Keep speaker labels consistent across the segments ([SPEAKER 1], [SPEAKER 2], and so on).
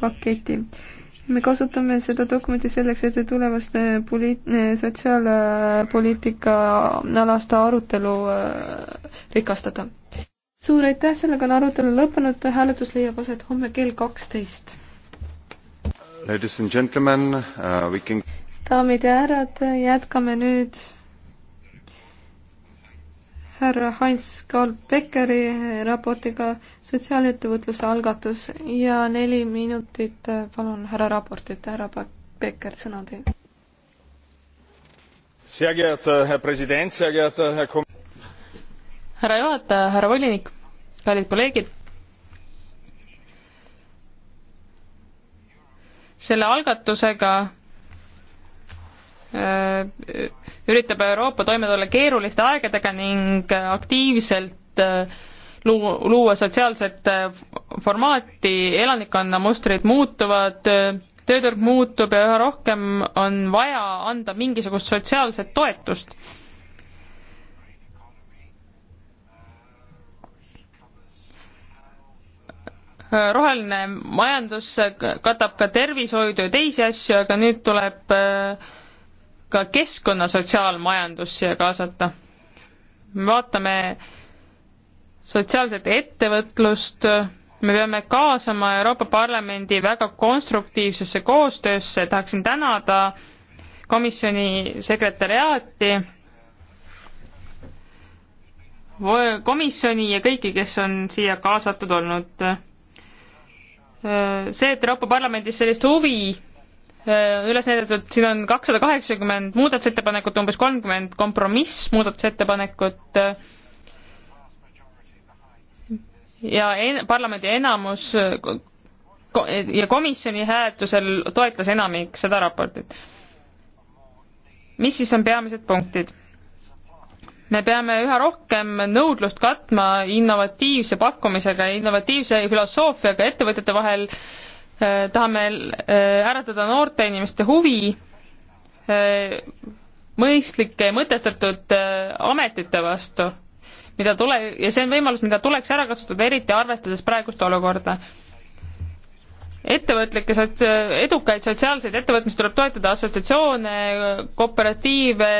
[SPEAKER 1] paketi. me kasutame seda dokumenti selleks, et tulevaste poliit-, sotsiaalpoliitika alast arutelu äh, rikastada. suur aitäh, sellega on arutelu lõppenud, hääletus leiab aset homme kell kaksteist.
[SPEAKER 2] Ladies and gentlemen uh,, we can
[SPEAKER 1] daamid ja härrad, jätkame nüüd härra Heinz Karl Beckeri raportiga Sotsiaalettevõtluse algatus ja neli minutit, palun, härra raportit, härra Becker, sõna teil.
[SPEAKER 3] härra juhataja, härra volinik, kallid kolleegid. selle algatusega öö, äh, üritab Euroopa toime tulla keeruliste aegadega ning äh, aktiivselt äh, luua, luua sotsiaalset äh, formaati, elanikkonna mustrid muutuvad, tööturg muutub ja üha rohkem on vaja anda mingisugust sotsiaalset toetust roheline majandus katab ka tervishoidu ja teisi asju, aga nüüd tuleb äh, ka keskkonna sotsiaalmajandus siia kaasata. vaatame sotsiaalset ettevõtlust, me peame kaasama Euroopa Parlamendi väga konstruktiivsesse koostöösse, tahaksin tänada komisjoni sekretäriaati, komisjoni ja kõiki, kes on siia kaasatud olnud. see, et Euroopa Parlamendis sellist huvi Äh, üles näidatud, siin on kakssada kaheksakümmend muudatusettepanekut, umbes kolmkümmend kompromissmuudatusettepanekut ja en-, parlamendi enamus ko ja komisjoni hääletusel toetas enamik seda raportit. mis siis on peamised punktid? me peame üha rohkem nõudlust katma innovatiivse pakkumisega, innovatiivse filosoofiaga ettevõtjate vahel, Äh, tahame äh, äratada noorte inimeste huvi äh, mõistlike mõtestatud ametite vastu, mida tule, ja see on võimalus, mida tuleks ära kasutada, eriti arvestades praegust olukorda. ettevõtlikke sots-, edukaid sotsiaalseid ettevõtmisi tuleb toetada, assotsiatsioone, kooperatiive,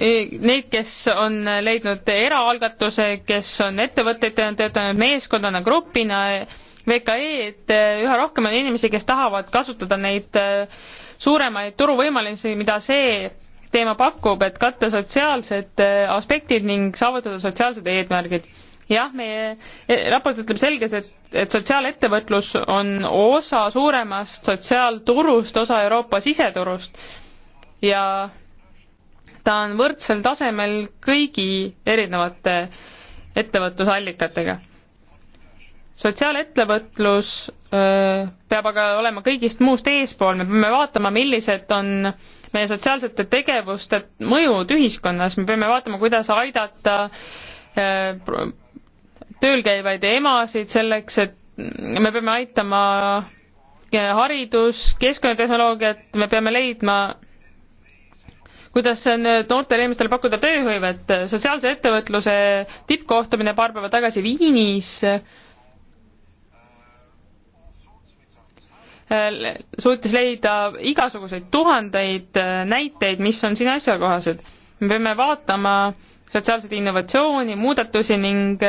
[SPEAKER 3] neid, kes on leidnud eraalgatuse, kes on ettevõtetena töötanud meeskondade grupina, VKE, et eh, üha rohkem on inimesi, kes tahavad kasutada neid eh, suuremaid turuvõimalusi, mida see teema pakub, et katta sotsiaalsed eh, aspektid ning saavutada sotsiaalsed eesmärgid. jah, meie raport ütleb selgelt, et, et sotsiaalettevõtlus on osa suuremast sotsiaalturust, osa Euroopa siseturust ja ta on võrdsel tasemel kõigi erinevate ettevõtlusallikatega. sotsiaalettevõtlus peab aga olema kõigist muust eespool, me peame vaatama, millised on meie sotsiaalsete tegevuste mõjud ühiskonnas, me peame vaatama, kuidas aidata tööl käivaid emasid selleks, et me peame aitama haridus, keskkonnatehnoloogiat, me peame leidma kuidas on noortele inimestele pakkuda tööhõivet, sotsiaalse ettevõtluse tippkohtumine paar päeva tagasi Viinis suutis leida igasuguseid tuhandeid näiteid, mis on siin asjakohased. me peame vaatama sotsiaalset innovatsiooni, muudatusi ning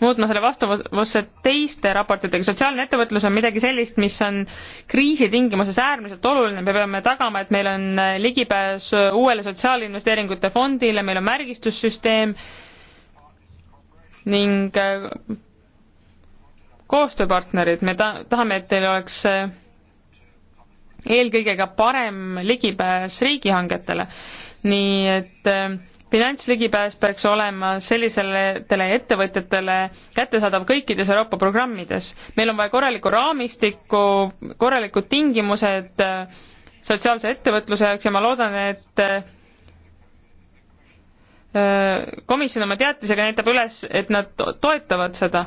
[SPEAKER 3] muutma selle vastavusse teiste raportitega. sotsiaalne ettevõtlus on midagi sellist, mis on kriisi tingimuses äärmiselt oluline, me peame tagama, et meil on ligipääs uuele sotsiaalinvesteeringute fondile, meil on märgistussüsteem ning äh, koostööpartnerid, me ta-, tahame, et teil oleks äh, eelkõige ka parem ligipääs riigihangetele. nii et äh, finantsligipääs peaks olema sellisele ettevõtjatele kättesaadav kõikides Euroopa programmides. meil on vaja korralikku raamistikku, korralikud tingimused äh, sotsiaalse ettevõtluse jaoks ja ma loodan, et äh, komisjon oma teatisega näitab üles, et nad toetavad seda.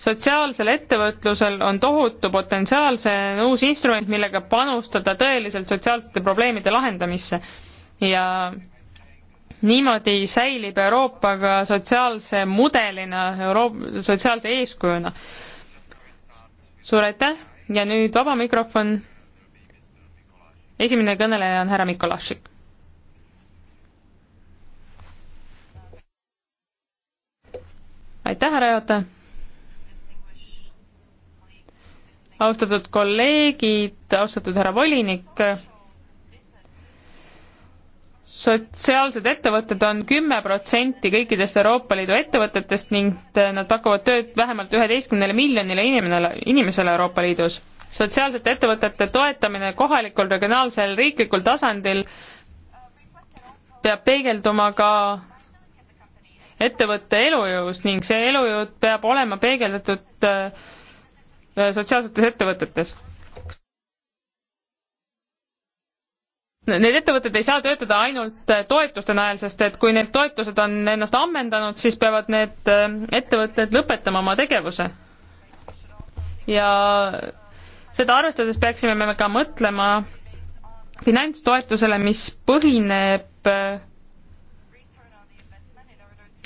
[SPEAKER 3] sotsiaalsel ettevõtlusel on tohutu potentsiaal, see on uus instrument, millega panustada tõeliselt sotsiaalsete probleemide lahendamisse ja niimoodi säilib Euroopa ka sotsiaalse mudelina, Euroop-, sotsiaalse eeskujuna. suur aitäh ja nüüd vaba mikrofon. esimene kõneleja on härra Mikolašik. aitäh, härra juhataja. austatud kolleegid, austatud härra volinik sotsiaalsed ettevõtted on kümme protsenti kõikidest Euroopa Liidu ettevõtetest ning äh, nad pakuvad tööd vähemalt üheteistkümnele miljonile inimene, inimesele Euroopa Liidus. sotsiaalsete ettevõtete toetamine kohalikul, regionaalsel, riiklikul tasandil peab peegelduma ka ettevõtte elujõus ning see elujõud peab olema peegeldatud äh, sotsiaalsetes ettevõtetes need ettevõtted ei saa töötada ainult äh, toetuste najal, sest et kui need toetused on ennast ammendanud, siis peavad need äh, ettevõtted lõpetama oma tegevuse. ja seda arvestades peaksime me ka mõtlema finantstoetusele, mis põhineb äh,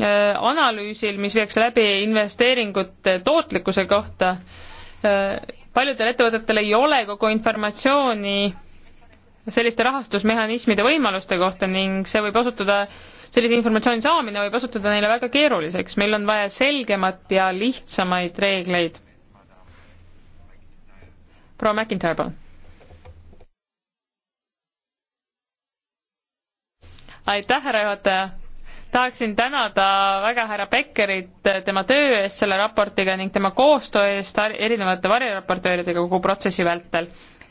[SPEAKER 3] analüüsil, mis viiakse läbi investeeringute tootlikkuse kohta. paljudel ettevõtetel ei ole kogu informatsiooni selliste rahastusmehhanismide võimaluste kohta ning see võib osutuda sellise informatsiooni saamine võib osutuda neile väga keeruliseks, meil on vaja selgemat ja lihtsamaid reegleid. proua McIntyre, palun. aitäh, härra juhataja! tahaksin tänada väga härra Beckerit tema töö eest selle raportiga ning tema koostöö eest erinevate variraportööridega kogu protsessi vältel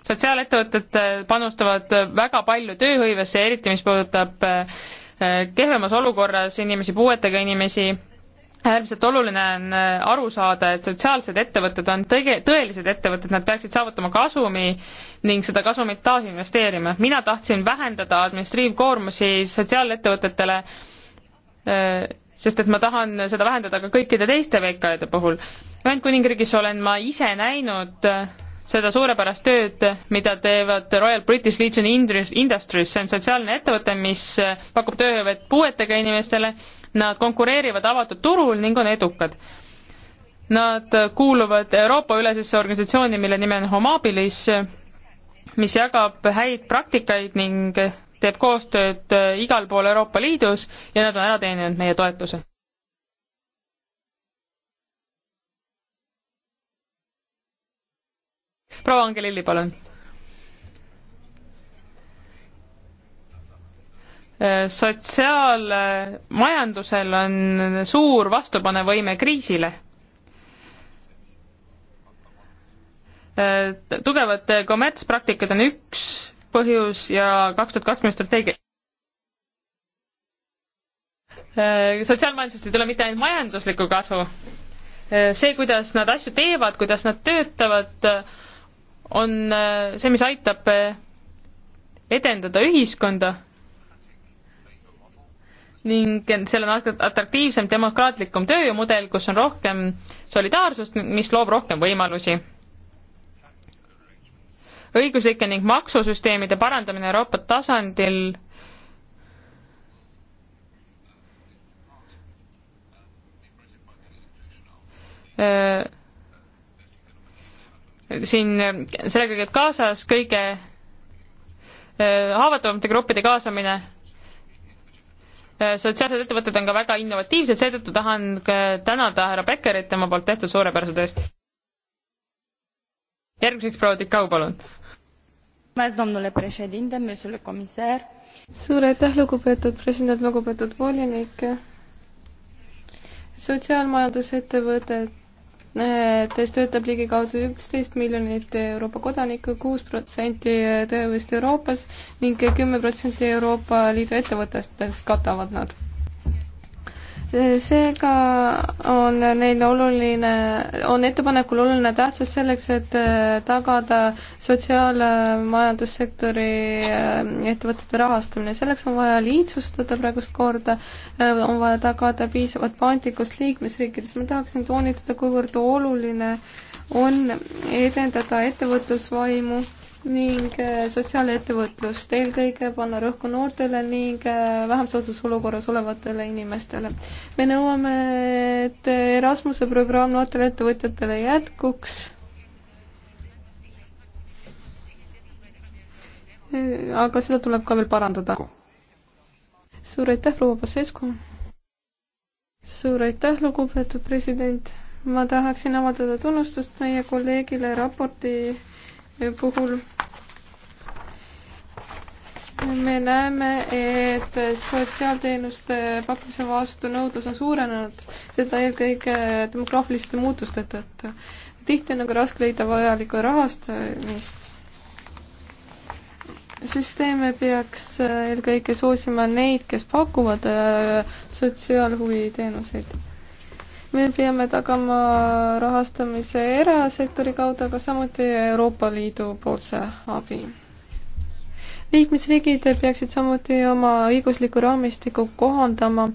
[SPEAKER 3] sotsiaalettevõtted äh, panustavad äh, väga palju tööhõivesse, eriti mis puudutab äh, kehvemas olukorras inimesi, puuetega inimesi, äärmiselt oluline on aru saada, et sotsiaalsed ettevõtted on tege-, tõelised ettevõtted, nad peaksid saavutama kasumi ning seda kasumit taasinvesteerima. mina tahtsin vähendada administriivkoormusi sotsiaalettevõtetele, sest et ma tahan seda vähendada ka kõikide teiste VKE-de puhul. Ühendkuningriigis olen ma ise näinud äh, seda suurepärast tööd, mida teevad Royal British Legion Industries, see on sotsiaalne ettevõte, mis äh, pakub tööhõivet puuetega inimestele, nad konkureerivad avatud turul ning on edukad. Nad äh, kuuluvad Euroopa-ülesesse organisatsiooni, mille nimi on Homabilis, äh, mis jagab häid praktikaid ning teeb koostööd igal pool Euroopa Liidus ja nad on ära teeninud meie toetuse proua Angelilli, palun. Äh, sotsiaalmajandusel on suur vastupanevõime kriisile äh, tugevad kommertspraktikad on üks põhjus ja kaks tuhat kakskümmend strateegia. Äh, sotsiaalmajandusest ei tule mitte ainult majanduslikku kasu, see, kuidas nad asju teevad, kuidas nad töötavad, on äh, see, mis aitab äh, edendada ühiskonda ning seal on atraktiivsem, demokraatlikum tööjõumudel, kus on rohkem solidaarsust, mis loob rohkem võimalusi. õiguslike ning maksusüsteemide parandamine Euroopa tasandil öö, äh, siin sellega käib kaasas kõige äh, haavatavamate gruppide kaasamine. Äh, sotsiaalsed ettevõtted on ka väga innovatiivsed, seetõttu tahan tänada härra Beckerit tema poolt tehtud suurepärase töö eest. järgmiseks proua Tikau, palun.
[SPEAKER 1] suur aitäh, lugupeetud president, lugupeetud volinik. sotsiaalmajandusettevõtted Tes töötab ligikaudu üksteist miljonit Euroopa kodanikku, kuus protsenti töövõist Euroopas ning kümme protsenti Euroopa Liidu ettevõtetest katavad nad seega on neil oluline, on ettepanekul oluline tähtsus selleks, et äh, tagada sotsiaalmajandussektori äh, ettevõtete rahastamine. selleks on vaja lihtsustada praegust korda, äh, on vaja tagada piisavat paindlikkust liikmesriikides. ma tahaksin toonitada, kuivõrd oluline on edendada ettevõtlusvaimu ning äh, sotsiaalettevõtlust, eelkõige panna rõhku noortele ning äh, vähem soodsas olukorras olevatele inimestele. me nõuame, et Erasmuse programm noortele ettevõtjatele jätkuks. aga seda tuleb ka veel parandada. suur aitäh, proua Pasescu. suur aitäh, lugupeetud president. ma tahaksin avaldada tunnustust meie kolleegile raporti puhul me näeme, et sotsiaalteenuste pakkumise vastu nõudlus on suurenenud, seda eelkõige demograafiliste muutuste tõttu. tihti on aga raske leida vajalikku rahastamist. süsteeme peaks eelkõige soosima neid, kes pakuvad äh, sotsiaalhuviteenuseid. me peame tagama rahastamise erasektori kaudu, aga samuti Euroopa Liidu poolse abi liikmesriigid peaksid samuti oma õiguslikku raamistikku kohandama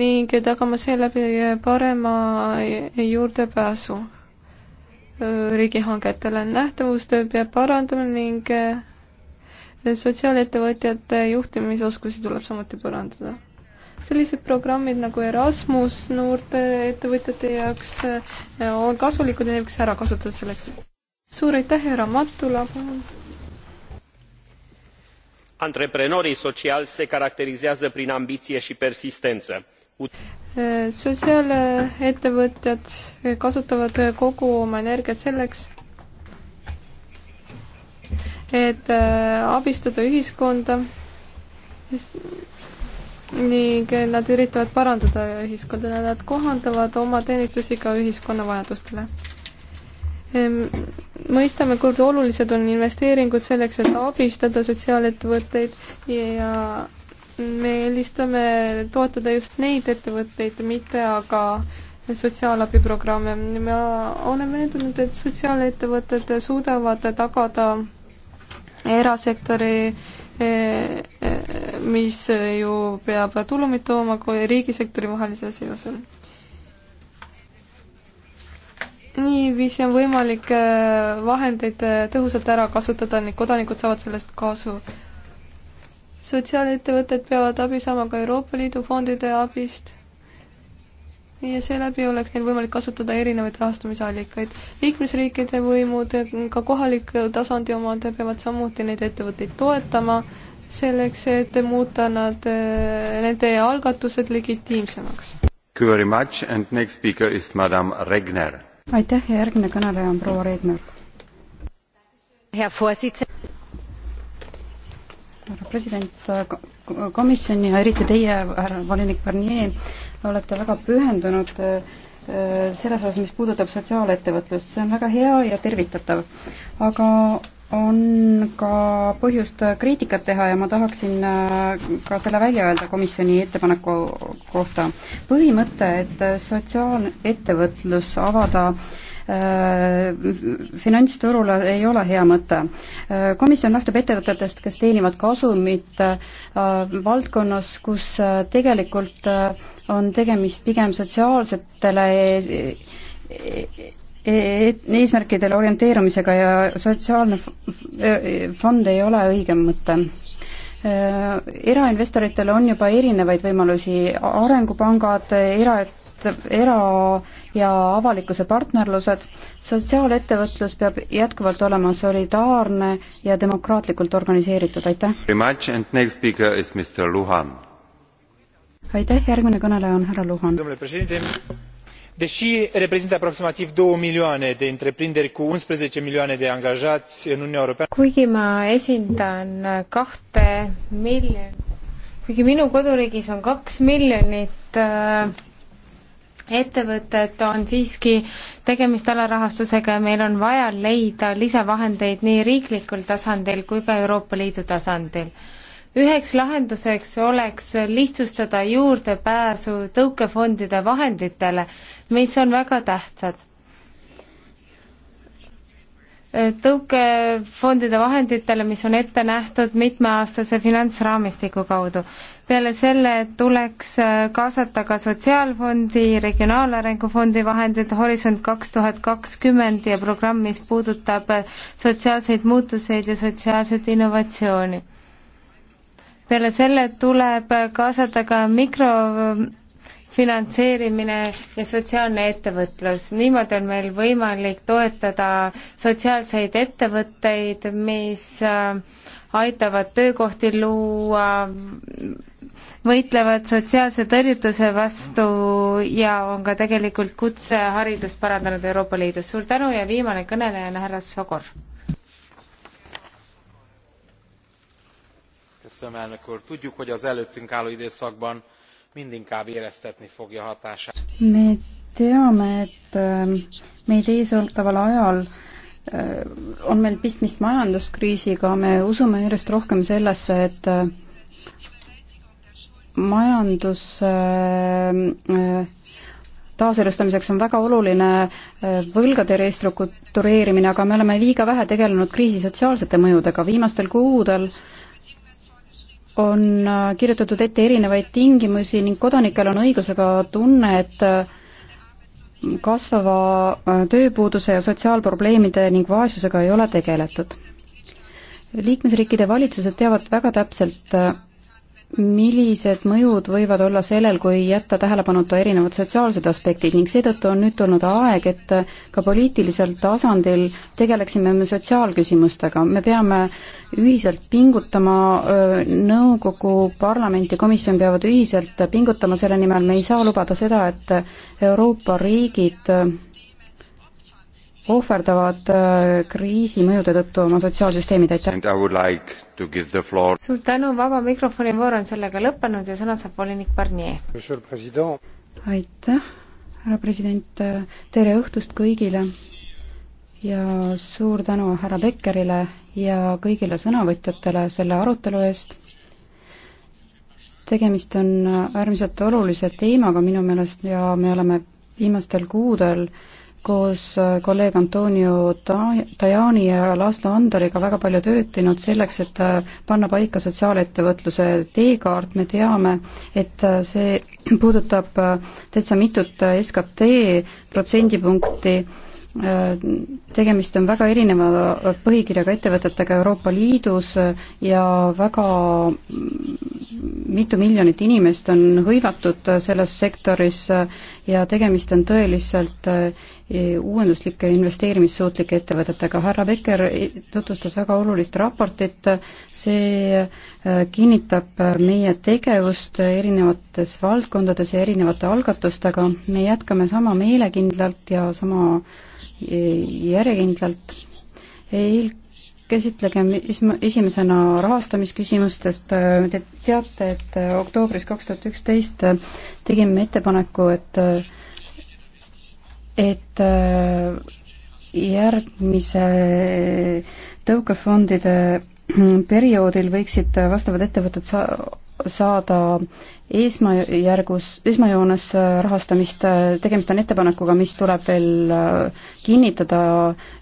[SPEAKER 1] ning tagama seeläbi parema juurdepääsu äh, riigihangetele. nähtavust peab parandama ning äh, sotsiaalettevõtjate juhtimisoskusi tuleb samuti parandada. sellised programmid nagu Erasmus noorte ettevõtjate jaoks äh, on kasulikud ja neid võiks ära kasutada selleks. suur aitäh, härra Matula, palun!
[SPEAKER 4] antreprenorii sociali se caracterizează prin ambiție și persistență.
[SPEAKER 1] sotsiaalettevõtjad eh, eh, kasutavad eh, kogu oma energiat selleks, et abistada ühiskonda ning nad üritavad parandada ühiskonda, nad kohandavad oma teenistusi ka ühiskonna vajadustele Ehm, mõistame, kui olulised on investeeringud selleks, et abistada sotsiaalettevõtteid ja me eelistame toetada just neid ettevõtteid, mitte aga sotsiaalabiprogramme. me oleme veendunud, et sotsiaalettevõtted suudavad tagada erasektori, eh, eh, mis ju peab tulumit tooma, kui riigisektori vahelise seose niiviisi on võimalik äh, vahendeid äh, tõhusalt ära kasutada ning kodanikud saavad sellest kasu. sotsiaalettevõtted peavad abi saama ka Euroopa Liidu fondide abist ja seeläbi oleks neil võimalik kasutada erinevaid rahastamisallikaid. liikmesriikide võimud, ka kohaliku tasandi omad peavad samuti neid ettevõtteid toetama, selleks et muuta nad, äh, nende algatused
[SPEAKER 4] legitiimsemaks.
[SPEAKER 2] Thank you very much and next speaker is madam Regner
[SPEAKER 4] aitäh ja järgmine kõneleja on proua Reedmer. härra president, äh, komisjon ja eriti teie, härra volinik Barnier, olete väga pühendunud äh, äh, selles osas, mis puudutab sotsiaalettevõtlust, see on väga hea ja tervitatav. aga on ka põhjust kriitikat teha ja ma tahaksin äh, ka selle välja öelda komisjoni ettepaneku kohta. põhimõte, et sotsiaalettevõtlus avada äh, finantsturule ei ole hea mõte. Äh, komisjon lähtub ettevõtetest, kes teenivad kasumit valdkonnas, kus tegelikult on tegemist pigem sotsiaalsetele eesmärkidele orienteerumisega ja sotsiaalne e-, fond ei ole õige mõte. Äh, Erainvestoritel on juba erinevaid võimalusi, arengupangad, era, era- ja avalikkuse partnerlused, sotsiaalettevõtlus peab jätkuvalt olema solidaarne ja demokraatlikult organiseeritud, aitäh! aitäh, järgmine kõneleja on härra Luhan dei reprezintă aproximativ două milioane de întreprinderi cu unsprezece milioane de angajai în uniunea europeană
[SPEAKER 2] kuigi ma esindan kahte miljonit kuigi minu koduriigis on kaks miljonit äh, ettevõtet on siiski tegemist alarahastusega ja meil on vaja leida lisavahendeid nii riiklikul tasandil kui ka Euroopa Liidu tasandil üheks lahenduseks oleks lihtsustada juurdepääsu tõukefondide vahenditele, mis on väga tähtsad. tõukefondide vahenditele, mis on ette nähtud mitmeaastase finantsraamistiku kaudu. peale selle tuleks kaasata ka Sotsiaalfondi, Regionaalarengu Fondi vahendid Horisont kaks tuhat kakskümmend ja programm, mis puudutab sotsiaalseid muutuseid ja sotsiaalset innovatsiooni peale selle tuleb kaasata ka mikrofinantseerimine ja sotsiaalne ettevõtlus. niimoodi on meil võimalik toetada sotsiaalseid ettevõtteid, mis äh, aitavad töökohti luua, võitlevad sotsiaalse tõrjutuse vastu ja on ka tegelikult kutseharidust parandanud Euroopa Liidus. suur tänu ja viimane kõneleja on härra Sogor
[SPEAKER 3] tudjuk hogy az előttünk álló időszakban mindinkább éreztetni fogja hatását.
[SPEAKER 4] me teame et meid ees ootaval ajal on meil pistmist majanduskriisiga, me usume järjest rohkem sellesse, et majandus taaserastamiseks on väga oluline võlgade restruktureerimine, aga me oleme liiga vähe tegelenud kriisi sotsiaalsete mõjudega. viimastel kuudel on äh, kirjutatud ette erinevaid tingimusi ning kodanikel on õigusega tunne, et äh, kasvava äh, tööpuuduse ja sotsiaalprobleemide ning vaesusega ei ole tegeletud. liikmesriikide valitsused teavad väga täpselt, millised mõjud võivad olla sellel, kui jätta tähelepanuta erinevad sotsiaalsed aspektid ning seetõttu on nüüd tulnud aeg, et ka poliitilisel tasandil tegeleksime me sotsiaalküsimustega, me peame ühiselt pingutama, nõukogu, parlament ja komisjon peavad ühiselt pingutama selle nimel, me ei saa lubada seda, et Euroopa riigid ohverdavad äh, kriisi mõjude tõttu oma sotsiaalsüsteemid, aitäh!
[SPEAKER 3] Like
[SPEAKER 2] suur tänu, vaba mikrofoni voor on sellega lõppenud ja sõna saab volinik Barnier. aitäh,
[SPEAKER 4] härra president, tere õhtust kõigile ja suur tänu härra Beckerile ja kõigile sõnavõtjatele selle arutelu eest tegemist on äärmiselt olulise teemaga minu meelest ja me oleme viimastel kuudel koos äh, kolleeg Antonio Tajani ja Laslo Andoriga väga palju tööd teinud selleks, et äh, panna paika sotsiaalettevõtluse teekaart, me teame, et äh, see puudutab täitsa mitut SKT protsendipunkti, tegemist on väga erineva põhikirjaga ettevõtetega Euroopa Liidus ja väga mitu miljonit inimest on hõivatud selles sektoris ja tegemist on tõeliselt e, uuenduslike investeerimissuutlike ettevõtetega. härra Becker tutvustas väga olulist raportit, see e, kinnitab meie tegevust erinevates valdkondades ja erinevate algatustega, me jätkame sama meelekindlalt ja sama e, järjekindlalt. eil-, käsitlegem esimesena rahastamisküsimustest. Äh, te teate, et äh, oktoobris kaks tuhat üksteist äh, tegime ettepaneku, et et järgmise tõukefondide perioodil võiksid vastavad ettevõtted sa-, saada esmajärgus, esmajoones äh, rahastamist, tegemist on ettepanekuga, mis tuleb veel äh, kinnitada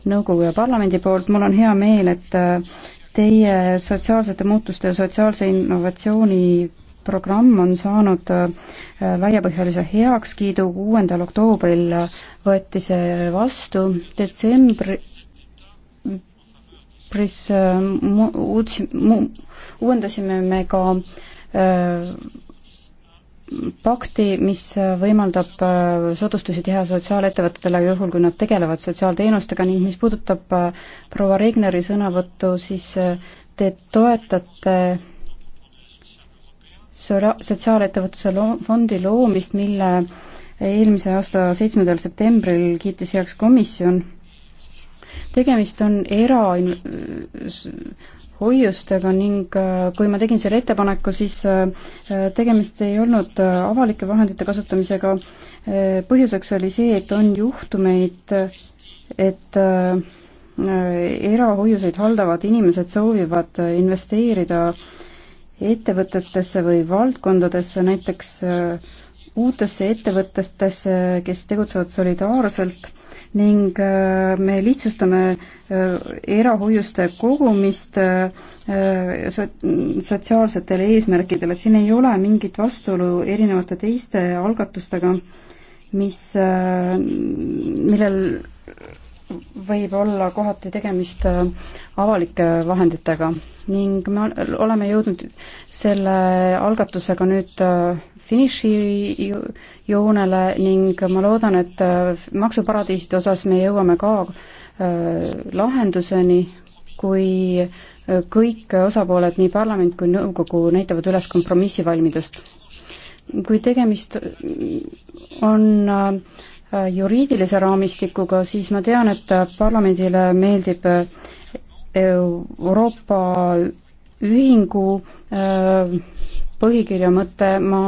[SPEAKER 4] nõukogu ja parlamendi poolt, mul on hea meel, et äh, teie sotsiaalsete muutuste ja sotsiaalse innovatsiooni programm on saanud laiapõhjalise heakskiidu, kuuendal oktoobril võeti see vastu, detsembri pris mu-, uudsime, mu-, uuendasime me ka äh, pakti, mis võimaldab äh, soodustusi teha sotsiaalettevõtetele juhul, kui nad tegelevad sotsiaalteenustega ning mis puudutab äh, proua Regneri sõnavõttu, siis äh, te toetate sotsiaalettevõtluse lo-, fondi loomist, mille eelmise aasta seitsmendal septembril kiitis heaks komisjon. tegemist on era-, hoiustega ning äh, kui ma tegin selle ettepaneku, siis äh, tegemist ei olnud äh, avalike vahendite kasutamisega. põhjuseks oli see, et on juhtumeid, et erahoiuseid haldavad inimesed soovivad investeerida ettevõtetesse või valdkondadesse, näiteks uutesse ettevõtetesse, kes tegutsevad solidaarselt ning äh, me lihtsustame äh, erahoiuste kogumist äh, sotsiaalsetel eesmärkidel, et siin ei ole mingit vastuolu erinevate teiste algatustega, mis, millel võib olla kohati tegemist avalike vahenditega ning me oleme jõudnud selle algatusega nüüd finišijoonele ning ma loodan, et äh, maksuparadiiside osas me jõuame ka äh, lahenduseni, kui äh, kõik osapooled, nii parlament kui nõukogu, näitavad üles kompromissivalmidust. kui tegemist on juriidilise raamistikuga, siis ma tean, et parlamendile meeldib Euroopa ühingu Äh, põhikirja mõte, ma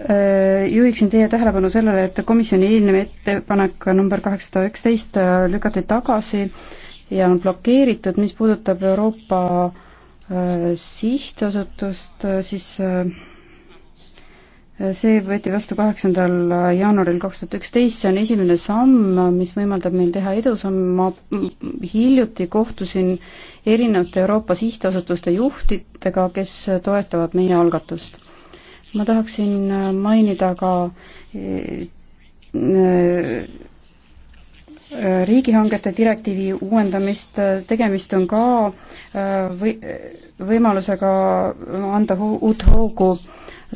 [SPEAKER 4] äh, juhiksin teie tähelepanu sellele, et komisjoni eelnev ettepanek number kaheksasada üksteist äh, lükati tagasi ja on blokeeritud, mis puudutab Euroopa sihtasutust, siis äh, see võeti vastu kaheksandal jaanuaril kaks tuhat üksteist, see on esimene samm, mis võimaldab meil teha edusamme, ma hiljuti kohtusin erinevate Euroopa sihtasutuste juhtidega, kes toetavad meie algatust. ma tahaksin mainida ka eh, eh, riigihangete direktiivi uuendamist, tegemist on ka eh, või-, võimalusega anda uut hoogu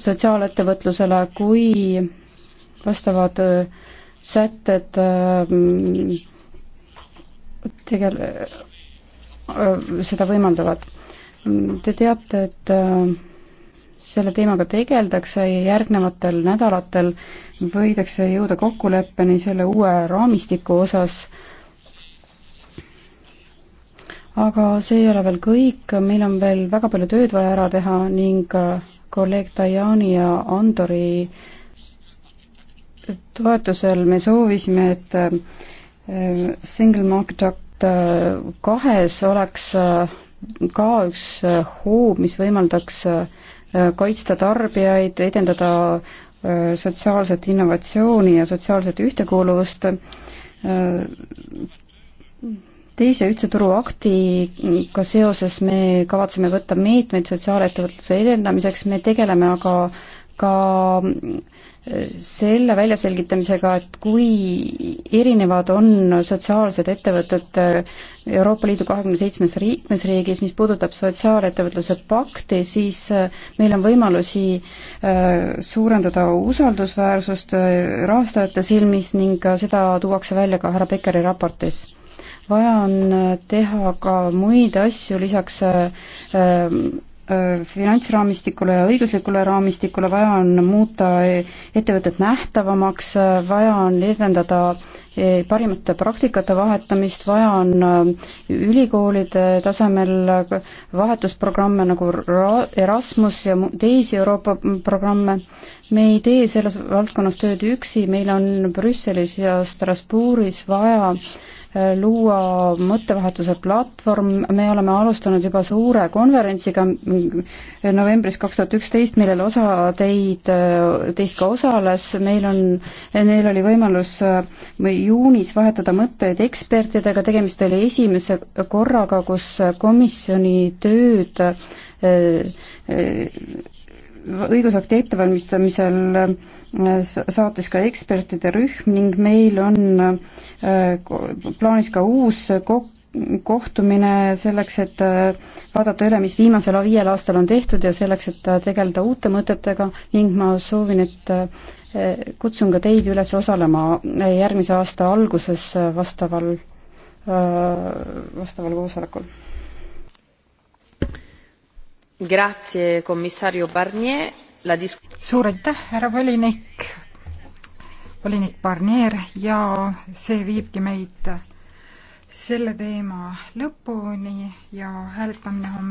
[SPEAKER 4] sotsiaalettevõtlusele, kui vastavad äh, sätted äh, mm, tegele-, äh, seda võimaldavad. Te teate, et selle teemaga tegeldakse ja järgnevatel nädalatel võidakse jõuda kokkuleppeni selle uue raamistiku osas, aga see ei ole veel kõik, meil on veel väga palju tööd vaja ära teha ning kolleeg Dajani ja Andori toetusel me soovisime, et äh, Single Market Act äh, kahes oleks äh, ka üks hoob, mis võimaldaks kaitsta tarbijaid, edendada sotsiaalset innovatsiooni ja sotsiaalset ühtekuuluvust, teise ühtse turu aktiga seoses me kavatseme võtta meetmeid sotsiaalettevõtluse edendamiseks, me tegeleme aga ka äh, selle väljaselgitamisega, et kui erinevad on sotsiaalsed ettevõtted äh, Euroopa Liidu kahekümne seitsmes liikmesriigis, mis puudutab sotsiaalettevõtluse pakti, siis äh, meil on võimalusi suurendada usaldusväärsust rahastajate silmis ning seda tuuakse välja ka härra Pekkeri raportis vaja on äh, teha ka muid asju lisaks äh, äh, finantsraamistikule ja õiguslikule raamistikule, vaja on muuta e-, ettevõtet nähtavamaks, vaja on edendada e-, parimate praktikate vahetamist, vaja on ülikoolide tasemel vahetusprogramme nagu Erasmus ja teisi Euroopa programme, me ei tee selles valdkonnas tööd üksi, meil on Brüsselis ja Strasbourgis vaja äh, luua mõttevahetuse platvorm, me oleme alustanud juba suure konverentsiga äh, novembris kaks tuhat üksteist, millel osa teid, äh, teist ka osales, meil on, neil oli võimalus juunis vahetada mõtteid ekspertidega, tegemist oli esimese korraga, kus komisjoni tööd õigusakti ettevalmistamisel äh, saatis ka ekspertide rühm ning meil on äh, plaanis ka uus kok-, kohtumine selleks, et äh, vaadata üle, mis viimasel viiel aastal on tehtud ja selleks, et tegeleda uute mõtetega ning ma soovin, et kutsun ka teid üles osalema järgmise aasta alguses vastaval, vastaval koosolekul. Grazie, komissario Barnier. suur aitäh, härra volinik, volinik Barnier ja see viibki meid selle teema lõpuni ja hääletamine on